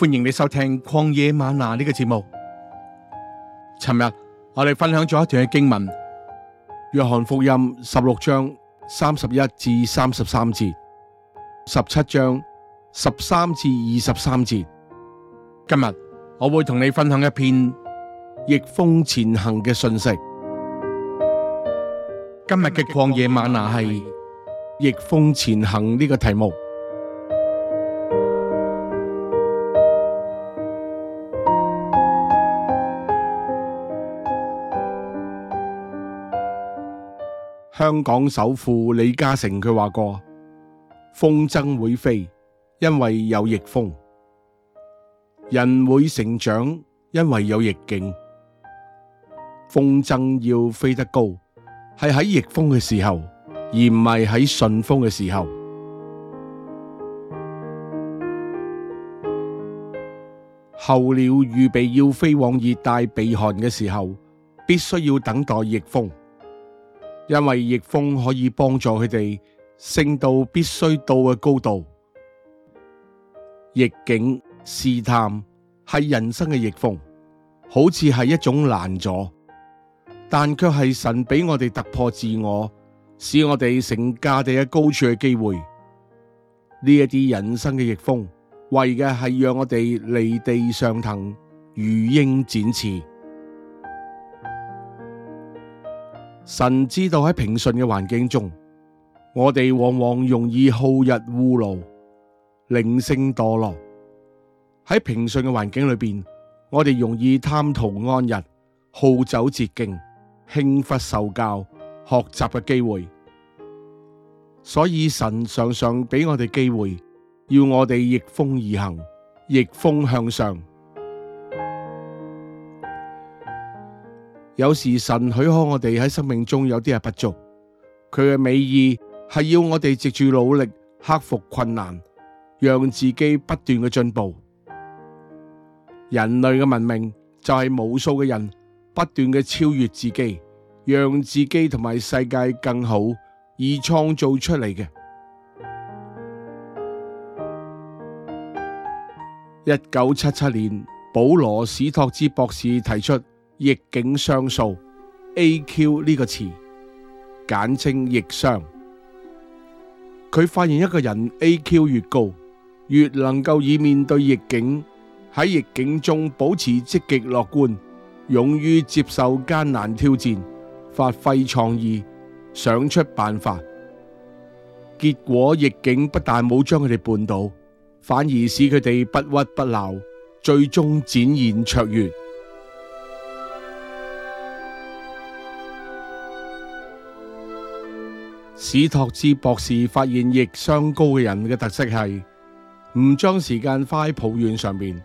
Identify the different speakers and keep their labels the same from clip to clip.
Speaker 1: 歡迎你收聽曠野嗎哪呢個節目。尋日我哋分享咗一段嘅經文，約翰福音十六章三十一至三十三節，十七章十三至二十三節。今日我會同你分享一篇逆風前行嘅信息。今日嘅曠野嗎哪係逆風前行呢個題目。香港首富李嘉誠佢話過：風箏會飛，因為有逆風；人會成長，因為有逆境。風箏要飛得高，係喺逆風嘅時候，而唔係喺順風嘅時候。候鳥預備要飛往熱帶避寒嘅時候，必須要等待逆風。因為逆風可以幫助佢哋升到必須到嘅高度，逆境試探係人生嘅逆風，好似係一種難阻，但卻係神畀我哋突破自我，使我哋成架地喺高處嘅機會。呢啲人生嘅逆風，為嘅係讓我哋離地上騰，如鷹展翅。神知道喺平順嘅環境中，我哋往往容易好逸惡勞、靈性墮落。喺平順嘅環境裏面，我哋容易貪圖安逸、好走捷徑、輕忽受教、學習嘅機會。所以神常常畀我哋機會，要我哋逆風而行、逆風向上。有時神許可我哋喺生命中有啲係不足，佢嘅美意係要我哋藉住努力克服困難，讓自己不斷嘅進步。人類嘅文明就係無數嘅人不斷嘅超越自己，讓自己同埋世界更好而創造出嚟嘅。一九七七年，保羅史托茲博士提出。逆境商數 AQ 呢個詞，簡稱逆商。佢發現一個人 AQ 越高，越能夠以面對逆境，喺逆境中保持積極樂觀，勇於接受艱難挑戰，發揮創意，想出辦法。結果逆境不但冇將佢哋絆倒，反而使佢哋不屈不撓，最終展現卓越。史托茲博士發現，逆商高嘅人嘅特色係唔將時間花喺抱怨上面，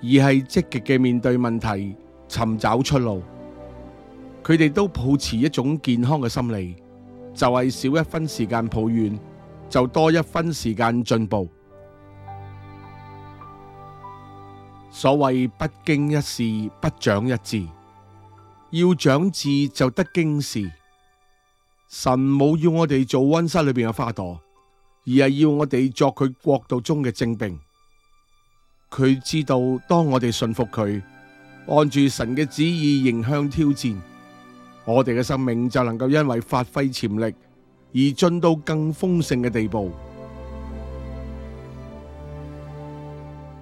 Speaker 1: 而係積極嘅面對問題，尋找出路。佢哋都抱持一種健康嘅心理，就係、是、少一分時間抱怨，就多一分時間進步。所謂不經一事不長一智，要長智就得經事。神冇要我哋做溫室裏邊嘅花朵，而係要我哋作佢國度中嘅精兵。佢知道，當我哋信服佢，按住神嘅旨意迎向挑戰，我哋嘅生命就能夠因為發揮潛力而進到更豐盛嘅地步。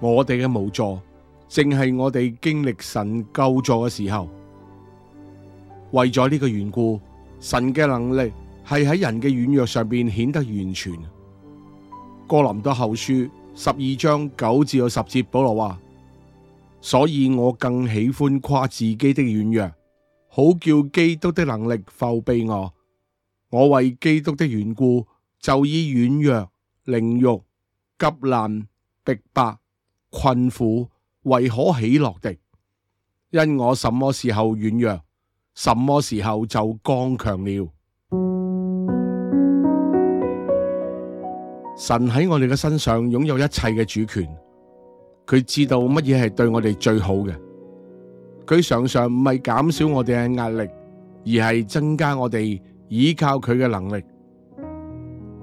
Speaker 1: 我哋嘅無助，正係我哋經歷神救助嘅時候。為咗呢個緣故，神嘅能力係喺人嘅軟弱上邊顯得完全。哥林多後書十二章九至到十節保羅話：所以我更喜歡誇自己的軟弱，好叫基督的能力覆庇我。我為基督的緣故就以軟弱、凌辱急難、逼迫、困苦為可喜樂的，因我什麼時候軟弱。什麼時候就剛強了。神喺我哋嘅身上擁有一切嘅主權，佢知道乜嘢係對我哋最好嘅。佢常常唔係減少我哋嘅壓力，而係增加我哋依靠佢嘅能力。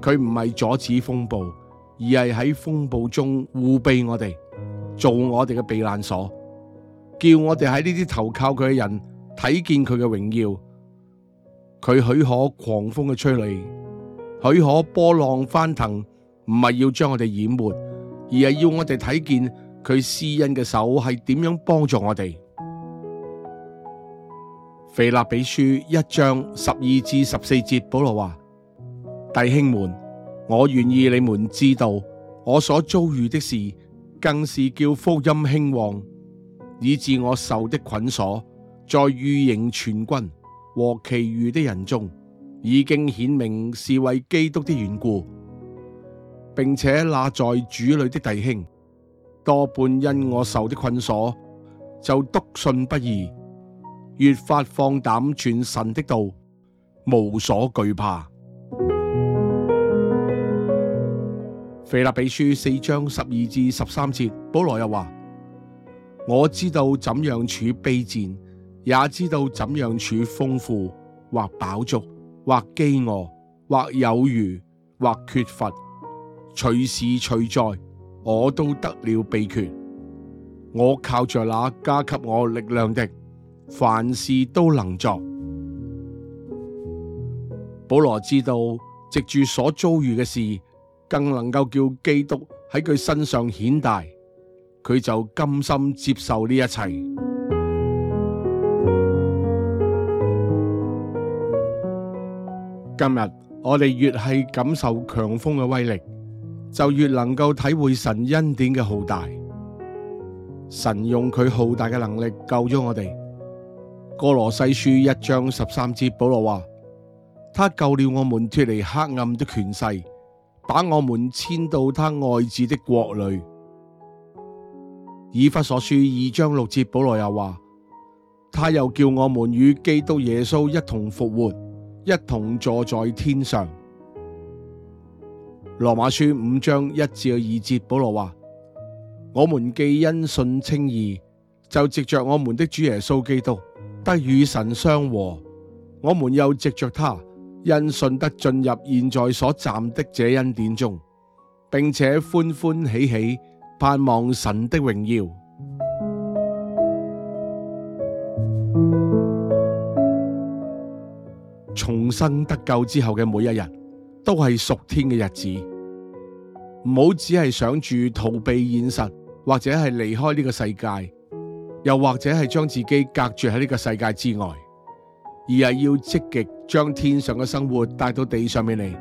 Speaker 1: 佢唔係阻止風暴，而係喺風暴中護庇我哋，做我哋嘅避難所，叫我哋喺呢啲投靠佢嘅人睇見佢嘅榮耀，佢許可狂風嘅吹嚟，許可波浪翻騰，唔係要將我哋淹沒，而係要我哋睇見佢施恩嘅手係點樣幫助我哋。腓立比書一章十二至十四節，保羅話：弟兄們，我願意你們知道，我所遭遇的事，更是叫福音興旺，以致我受的捆鎖，在御營全軍和其餘的人中，已經顯明是為基督的緣故，並且那在主裏的弟兄，多半因我受的捆鎖，就篤信不疑，越發放膽傳神的道，無所懼怕。腓 立比書四章十二至十三節，保羅又話：我知道怎樣處卑賤。也知道怎樣處豐富或飽足，或飢餓，或有餘，或缺乏，隨時隨在，我都得了秘訣。我靠着那加給我力量的，凡事都能做。保羅知道藉住所遭遇嘅事，更能夠叫基督喺佢身上顯大，佢就甘心接受呢一切。今日我哋越係感受強風嘅威力，就越能夠體會神恩典嘅浩大。神用佢浩大嘅能力救咗我哋。哥羅西書一章十三節保羅話：他救了我們脱離黑暗的權勢，把我們遷到他愛子的國裏。以弗所書二章六節保羅又話：他又叫我們與基督耶穌一同復活。一同坐在天上。羅馬書五章一至二節，保羅話：我們既因信稱義，就藉着我們的主耶穌基督得與神相和。我們又藉着祂，因信得進入現在所站的這恩典中，並且歡歡喜喜盼望神的榮耀。重生得救之後嘅每一日，都係屬天嘅日子。唔好只係想住逃避現實，或者係離開呢個世界，又或者係將自己隔住喺呢個世界之外，而係要積極將天上嘅生活帶到地上面嚟。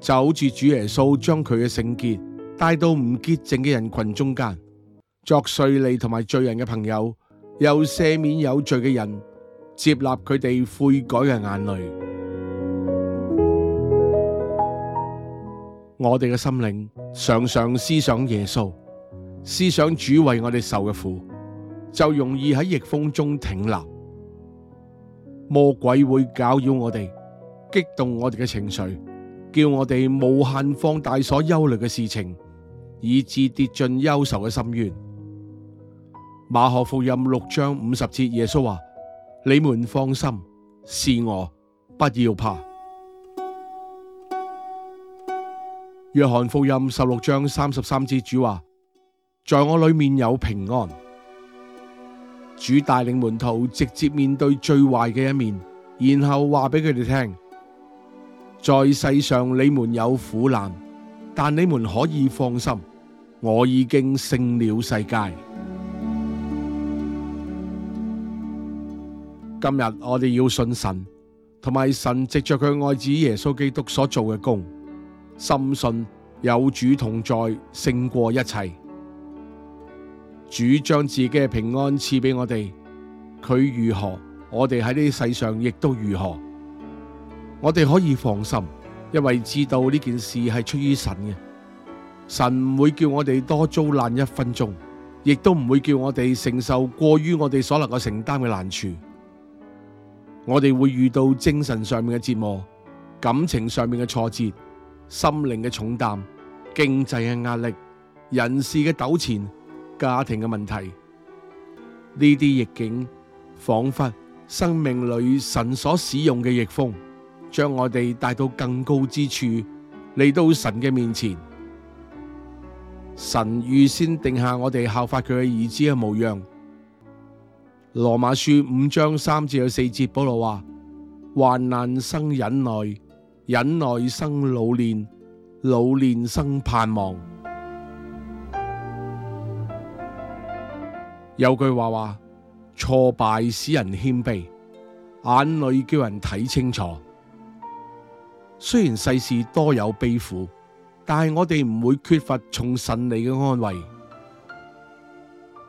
Speaker 1: 就好似主耶穌將佢嘅聖潔帶到唔潔淨嘅人群中間，作稅吏同埋罪人嘅朋友，又赦免有罪嘅人。接納佢哋悔改嘅眼淚，我哋嘅心靈常常思想耶穌，思想主為我哋受嘅苦，就容易喺逆風中挺立。魔鬼會攪擾我哋，激動我哋嘅情緒，叫我哋無限放大所憂慮嘅事情，以致跌進憂愁嘅深淵。馬可福音六章五十節，耶穌話：你們放心，是我，不要怕。約翰福音十六章三十三節，主話：在我裏面有平安。主帶領門徒直接面對最壞嘅一面，然後話俾佢哋聽：在世上你們有苦難，但你們可以放心，我已經勝了世界。今日我哋要信神，同埋神藉着佢愛子耶穌基督所做嘅工，深信有主同在勝過一切。主將自己嘅平安賜俾我哋，佢如何，我哋喺呢世上亦都如何。我哋可以放心，因為知道呢件事係出於神嘅。神唔會叫我哋多遭難一分鐘，亦都唔會叫我哋承受過於我哋所能夠承擔嘅難處。我哋會遇到精神上面嘅折磨、感情上面嘅挫折、心靈嘅重擔、經濟嘅壓力、人事嘅糾纏、家庭嘅問題，呢啲逆境仿佛生命裏神所使用嘅逆風，將我哋帶到更高之處，嚟到神嘅面前。神預先定下我哋效法佢嘅兒子嘅模樣。羅馬書五章三至四節，保羅話：患難生忍耐，忍耐生老練，老練生盼望。有句話話：挫敗使人謙卑，眼淚叫人睇清楚。雖然世事多有悲苦，但係我哋唔會缺乏從神嚟嘅安慰。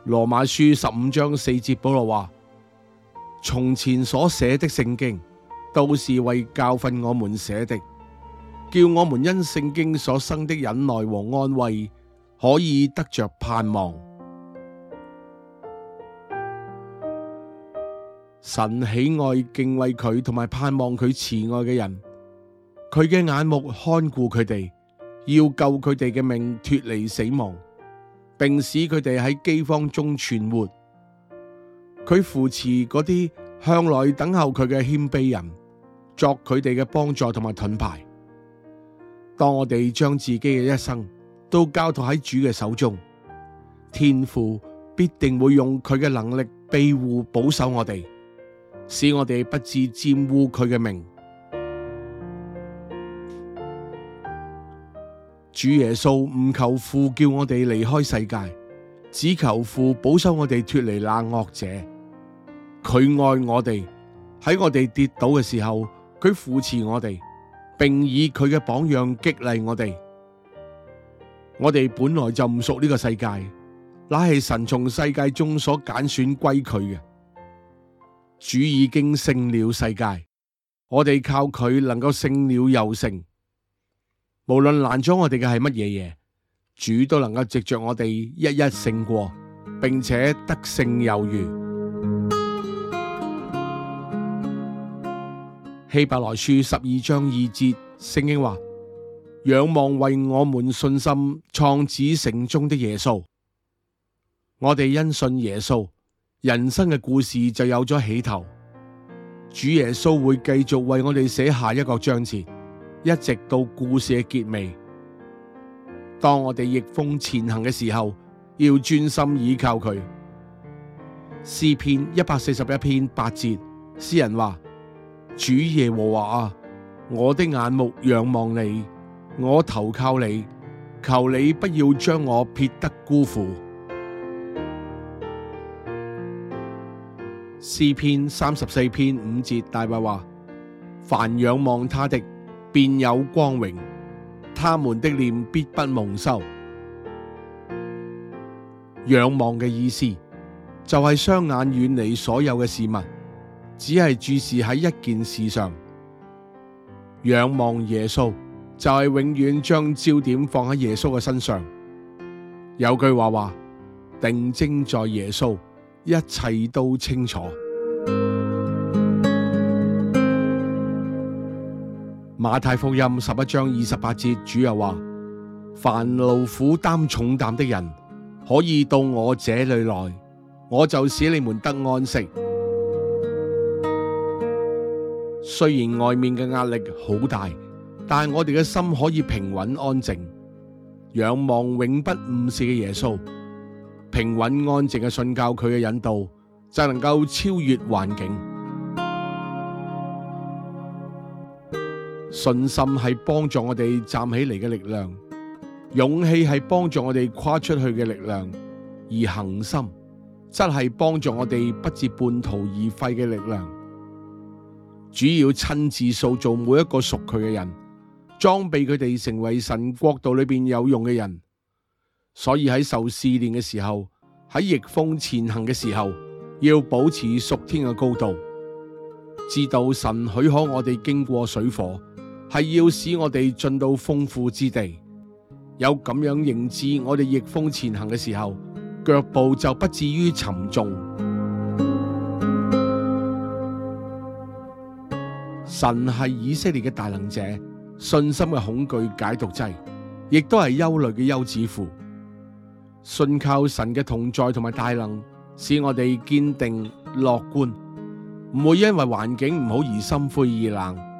Speaker 1: 羅馬書十五章四節，保羅話：從前所寫的聖經，都是為教訓我們寫的，叫我們因聖經所生的忍耐和安慰，可以得着盼望。神喜愛敬畏佢同埋盼望佢慈愛嘅人，佢嘅眼目看顧佢哋，要救佢哋嘅命脫離死亡。並使佢哋喺饑荒中存活。佢扶持嗰啲向來等候佢嘅謙卑人，作佢哋嘅幫助同埋盾牌。當我哋將自己嘅一生都交託喺主嘅手中，天父必定會用佢嘅能力庇護保守我哋，使我哋不至玷污佢嘅名。主耶穌唔求父叫我哋離開世界，只求父保守我哋脫離那惡者。佢愛我哋，喺我哋跌倒嘅時候，佢扶持我哋，並以佢嘅榜樣激勵我哋。我哋本來就唔屬呢個世界，乃係神從世界中所揀選歸佢嘅。主已經勝了世界，我哋靠佢能夠勝了又勝。無論攔阻我哋嘅係乜嘢嘢，主都能夠藉着我哋一一勝過，並且得勝有餘。希伯來書十二章二節，聖經話：仰望為我們信心創始成終的耶穌。我哋因信耶穌，人生嘅故事就有咗起頭。主耶穌會繼續為我哋寫下一個章節。一直到故事嘅結尾，當我哋逆風前行嘅時候，要專心倚靠佢。詩篇一百四十一篇八節，詩人話：主耶和華啊，我的眼目仰望你，我投靠你，求你不要將我撇得孤苦。詩篇三十四篇五節，大衛話：凡仰望他的。便有光榮，他們的臉必不蒙羞。仰望嘅意思就係雙眼遠離所有嘅事物，只係注視喺一件事上。仰望耶穌就係永遠將焦點放喺耶穌嘅身上。有句話話：定睛在耶穌，一切都清楚。馬太福音十一章二十八節主要，主又話：凡勞苦擔重擔的人，可以到我這裏來，我就使你們得安息。雖然外面嘅壓力好大，但我哋嘅心可以平穩安靜，仰望永不誤事嘅耶穌，平穩安靜嘅信教佢嘅引導，就能夠超越環境。信心係幫助我哋站起嚟嘅力量，勇氣係幫助我哋跨出去嘅力量，而恆心則係幫助我哋不至半途而廢嘅力量。主要親自塑造每一個屬佢嘅人，裝備佢哋成為神國度裏邊有用嘅人。所以喺受試煉嘅時候，喺逆風前行嘅時候，要保持屬天嘅高度，知道神許可我哋經過水火。係要使我哋進到豐富之地，有咁樣認知，我哋逆風前行嘅時候，腳步就不至於沉重。神係以色列嘅大能者，信心嘅恐懼解毒劑，亦都係憂慮嘅休止符。信靠神嘅同在同埋大能，使我哋堅定樂觀，唔會因為環境唔好而心灰意冷。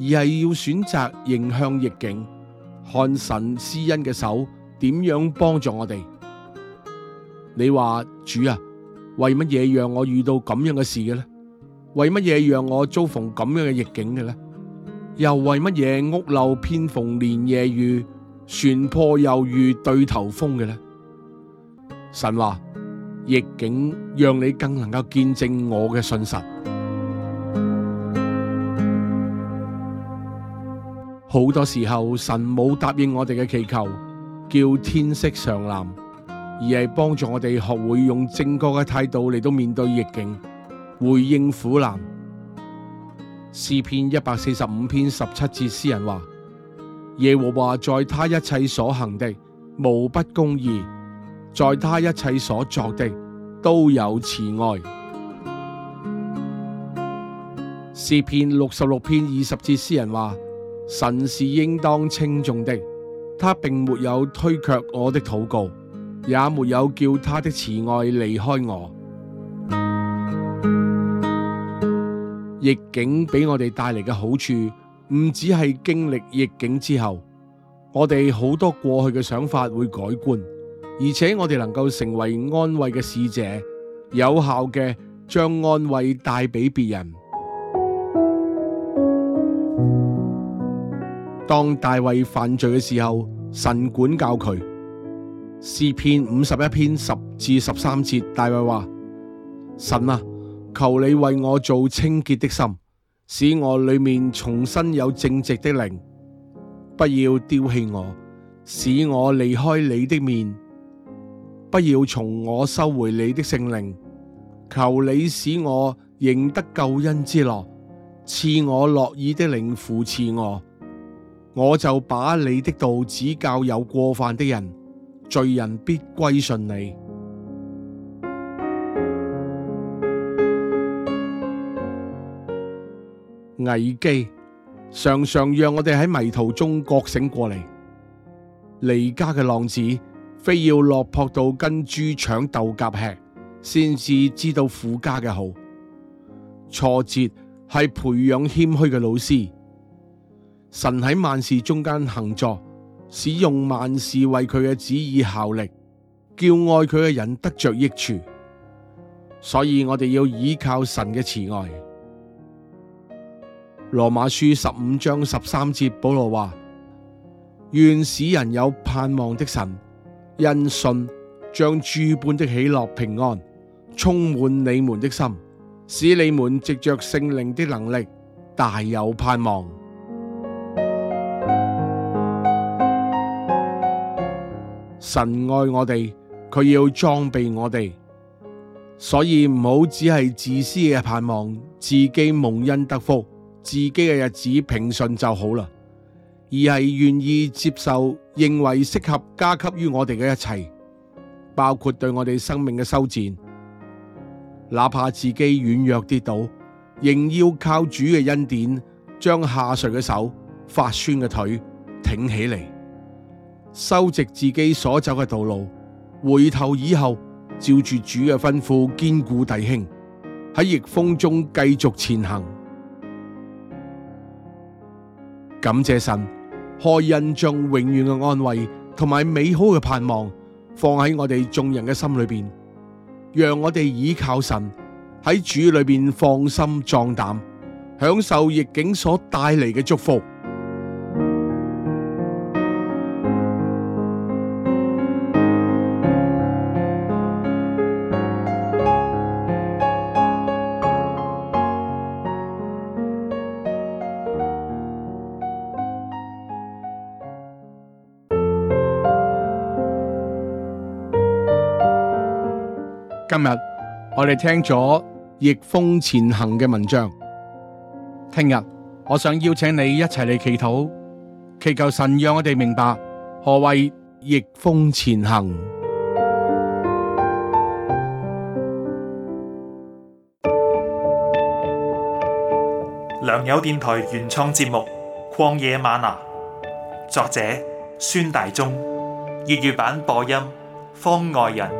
Speaker 1: 而係要選擇迎向逆境，看神施恩嘅手點樣幫助我哋。你話主啊，為乜嘢讓我遇到咁樣嘅事嘅呢？為乜嘢讓我遭逢咁樣嘅逆境嘅呢？又為乜嘢屋漏偏逢連夜雨，船破又遇對頭風嘅呢？神話，逆境讓你更能夠見證我嘅信實。好多時候神冇答應我哋嘅祈求，叫天色常藍，而係幫助我哋學會用正確嘅態度嚟到面對逆境，回應苦難。詩篇一百四十五篇十七節，詩人話：耶和華在他一切所行的無不公義，在他一切所作的都有慈愛。詩篇六十六篇二十節，詩人話：神是應當稱頌的，他並沒有推卻我的禱告，也沒有叫他的慈愛離開我。逆境俾我哋帶來嘅好處，唔止係經歷逆境之後，我哋好多過去嘅想法會改觀，而且我哋能夠成為安慰嘅使者，有效嘅將安慰帶俾別人。當大衛犯罪嘅時候，神管教佢。詩篇五十一篇十至十三節。大衛話：神啊，求你為我做清潔的心，使我裏面重新有正直的靈，不要丟棄我，使我離開你的面，不要從我收回你的聖靈。求你使我認得救恩之樂，賜我樂意的靈扶持我。我就把你的道指教有過犯的人，罪人必歸順你。危機常常讓我哋喺迷途中覺醒過嚟。離家嘅浪子，非要落魄到跟豬搶豆莢吃，先至知道父家嘅好。挫折係培養謙虛嘅老師。神喺萬事中間行作，使用萬事為佢嘅旨意效力，叫愛佢嘅人得着益處。所以我哋要依靠神嘅慈愛。羅馬書十五章十三節，保羅話：願使人有盼望的神，因信將諸般的喜樂平安充滿你們的心，使你們藉着聖靈的能力大有盼望。神愛我哋，佢要裝備我哋，所以唔好只係自私嘅盼望自己蒙恩得福，自己嘅日子平順就好啦，而係願意接受認為適合加給於我哋嘅一切，包括對我哋生命嘅修剪，哪怕自己軟弱跌倒，仍要靠主嘅恩典，將下垂嘅手、發酸嘅腿挺起嚟。修直自己所走嘅道路，回頭以後照住主嘅吩咐，堅固弟兄，喺逆風中繼續前行。感謝神，何人將永遠嘅安慰同埋美好嘅盼望放喺我哋眾人嘅心裏邊，讓我哋倚靠神，喺主裏邊放心壯膽，享受逆境所帶嚟嘅祝福。今日我哋聽咗逆風前行嘅文章，聽日我想邀請你一齊嚟祈禱，祈求神讓我哋明白何謂逆風前行。良友電台原創節目《曠野嗎哪》，作者孫大中，粵語版播音方外人。